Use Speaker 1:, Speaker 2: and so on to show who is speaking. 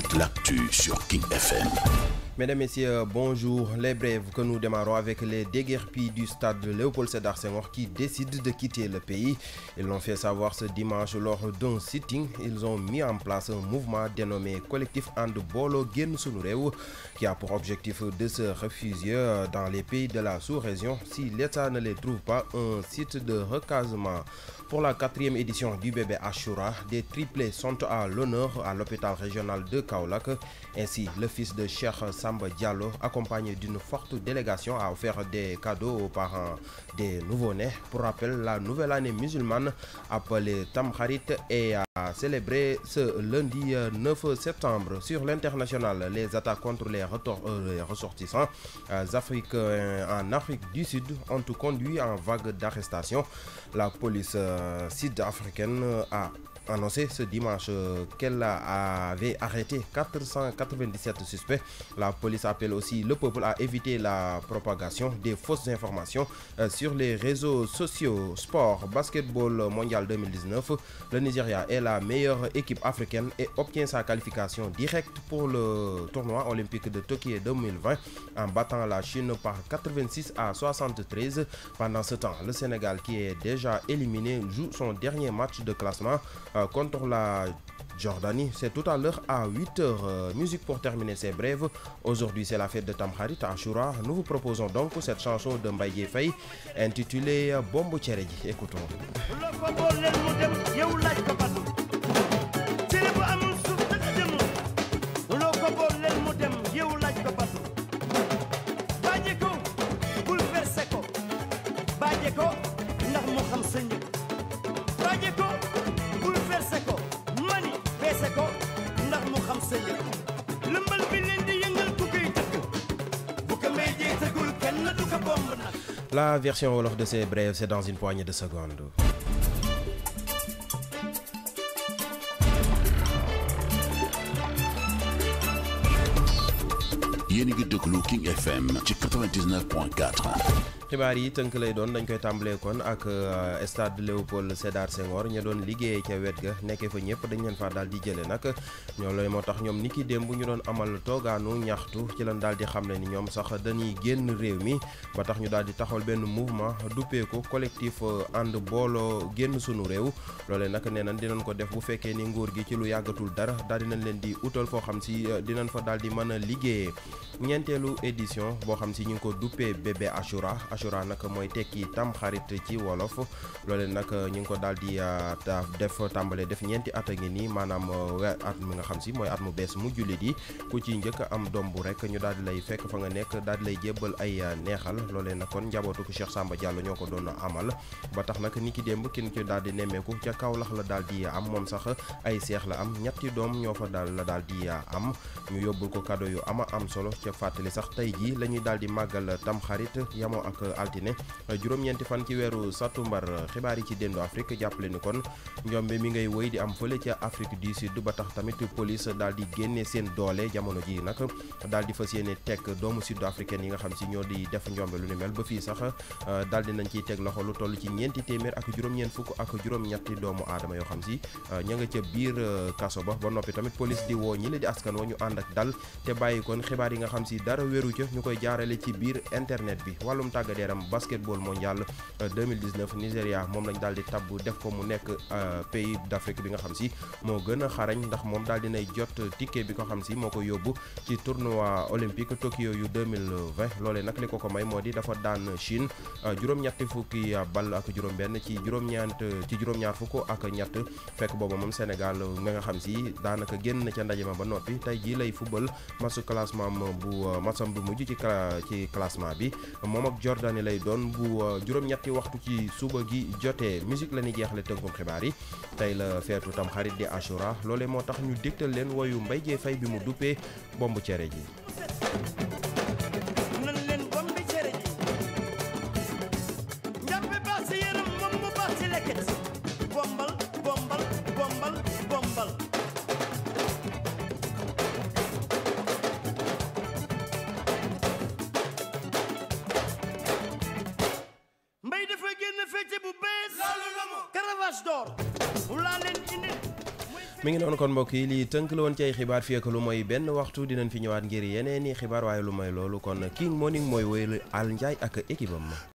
Speaker 1: toute l'actu sur King FM. Mesdames, Messieurs, bonjour. Les brèves que nous démarrons avec les déguerpilles du stade Léopold Sédar Senghor qui décident de quitter le pays. Ils l'ont fait savoir ce dimanche lors d'un sitting. Ils ont mis en place un mouvement dénommé Collectif Bolo Sunureu, qui a pour objectif de se refuser dans les pays de la sous-région si l'État ne les trouve pas un site de recasement. Pour la quatrième édition du bébé Ashura, des triplés sont à l'honneur à l'hôpital régional de Kaolak. Ainsi, le fils de Cheikh Samba Diallo, accompagné d'une forte délégation, à offert des cadeaux aux parents des nouveau-nés. Pour rappel, la nouvelle année musulmane appelée tamharit est a célébré ce lundi 9 euh, septembre sur l'international les attaques contre les, euh, ressortissants euh, africains en Afrique du Sud ont conduit en vague d'arrestations. La police sud-africaine a annoncé ce dimanche qu'elle avait arrêté 497 suspects. La police appelle aussi le peuple à éviter la propagation des fausses informations sur les réseaux sociaux. Sport, basketball mondial 2019, le Nigeria est la meilleure équipe africaine et obtient sa qualification directe pour le tournoi olympique de Tokyo 2020 en battant la Chine par 86 à 73. Pendant ce temps, le Sénégal qui est déjà éliminé joue son dernier match de classement euh, contre la Jordanie, c'est tout à l'heure à 8h. Euh, musique pour terminer ces brèves. Aujourd'hui, c'est la fête de Tamharit Ashura. Nous vous proposons donc cette chanson de Mbaye Faye intitulée Bombo Tcheregi ». Écoutons.
Speaker 2: raje ko ndax mu xam sa njëg raje ko mani beese ko ndax mu xam sa njëg lëmbal bi leen di yëngal ku koy tëgg bu ko mbay jee tëggul kenn bomb nag
Speaker 1: La version Wolof de ces brèves, c'est dans une poignée de secondes. Yenigi a King FM 99.4. xibaar yi tënk lay doon dañ koy tàmbalee kon ak euh, stade Léopold Sédar Senghor ña doon liggéeyee ca wet ga nekkee fa ñëpp dañ leen fa daal di jëlee nag ñoom looy moo tax ñoom ni ki démb ñu doon amal toogaanu ñaxtu ci lan daal di xam ne ni ñoom sax dañuy génn réew mi ba tax ñu daal di taxawal benn mouvement duppeeku collectif euh, ànd booloo génn sunu réew loolee nag nee nañ dinañ ko def bu fekkee ni nguur gi ci lu yàggatul dara daal dinañ leen di utal foo xam si euh, dinañ fa daal di mën a liggéeyee ñeenteelu édition boo xam si ñu ngi ko ashura nag mooy tekki tam xarit ci wolof loole nag ñu ngi ko daal di ah, def tàmbale def ñeenti at a ngi nii maanaam ah, at mi nga xam si mooy at mu bees mu julli yi ku ci njëkk am doom bu rek ñu daal di lay fekk fa nga nekk daal di lay jébbal ay ah, neexal loolee nag kon njabootu ko Cheikh Samba Diallo ñoo ko doon amal ba tax nag ni ki démb ki ñu ci daal di nemmeeku ca Kaolack la daal di am moom sax ay seex la am ñetti doom ñoo fa daal la daal di am ñu yóbbul ko cadeau yu altine juróom-ñeenti fan ci wéru satumbar xibaar yi ci dendo afrique jappalé ni kon njombe mi ngay woy di am feulé ci afrique du sud ba tax tamit police dal di génné seen doolé jamono ji nak dal di fassiyéné tek doomu sud africain yi nga xam ci ñoo di def ñom lu ni mel ba fi sax euh, dal di nañ ci tek loxo lu toll ci ñenti témèr ak juróom ñen fuk ak juróom-ñetti doomu adama yo xam ci euh, ña nga ci biir euh, kasso ba ba nopi tamit police di wo ñi la di askan wo ñu and ak dal té bayyi kon xibaar yi nga xam ci dara wéru ci ñukoy jaarale ci biir internet bi walum tàggat tàggat yaram basketball mondial 2019 euh, Nigéria moom lañ daal tabb def ko mu nekk euh, pays d'Afrique bi nga xam si moo gën a xarañ ndax moom daal dinay jot ticket bi ko xam si moo ko yóbbu ci tournoi olympique Tokyo yu 2020 loolee nag li ko ko may moo di dafa daan Chine euh, juróom-ñetti fukki bal ak juróom-benn ci juróom-ñeent ci juróom-ñaar fukk ak ñett fekk booba moom Sénégal nga nga xam si daanaka génn ca ndaje ma ba noppi tey jii lay football match classement bu matcham bu mujj ci ci classement bi waxtaani lay doon bu euh, juróom-ñetti waxtu ci suba gi jotee musique la ñuy jeexle tënkum xibaar yi tey la feetu tam xarit di Ashura loole moo tax ñu dégtal leen woyu mbay Dieye Faye bi mu duppee bomb cere ji mi ngi noonu kon mbokk yi lii tënk la woon ci ay xibaar fii ak lu mooy benn waxtu dinañ fi ñëwaat ngir yeneen xibaar waaye lu mooy loolu kon King Morning mooy wéyal Al Ndiaye ak équipe am